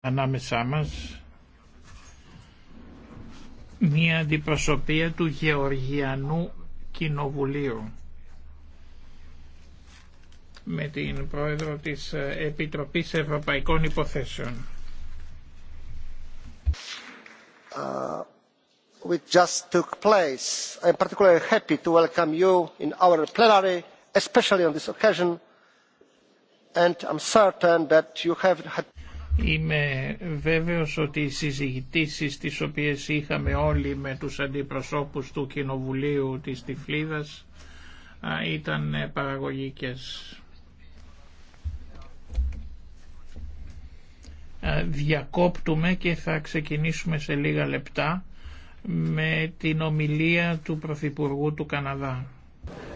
ανάμεσά μας μία αντιπροσωπεία του Γεωργιανού Κοινοβουλίου με την πρόεδρο της Επιτροπής Ευρωπαϊκών Υποθέσεων. Uh, which just took place. I'm particularly happy to welcome you in our plenary, especially on this occasion, and I'm certain that you have had Είμαι βέβαιος ότι οι συζητήσεις τις οποίες είχαμε όλοι με τους αντιπροσώπους του Κοινοβουλίου της Τυφλίδας ήταν παραγωγικές. Διακόπτουμε και θα ξεκινήσουμε σε λίγα λεπτά με την ομιλία του Πρωθυπουργού του Καναδά.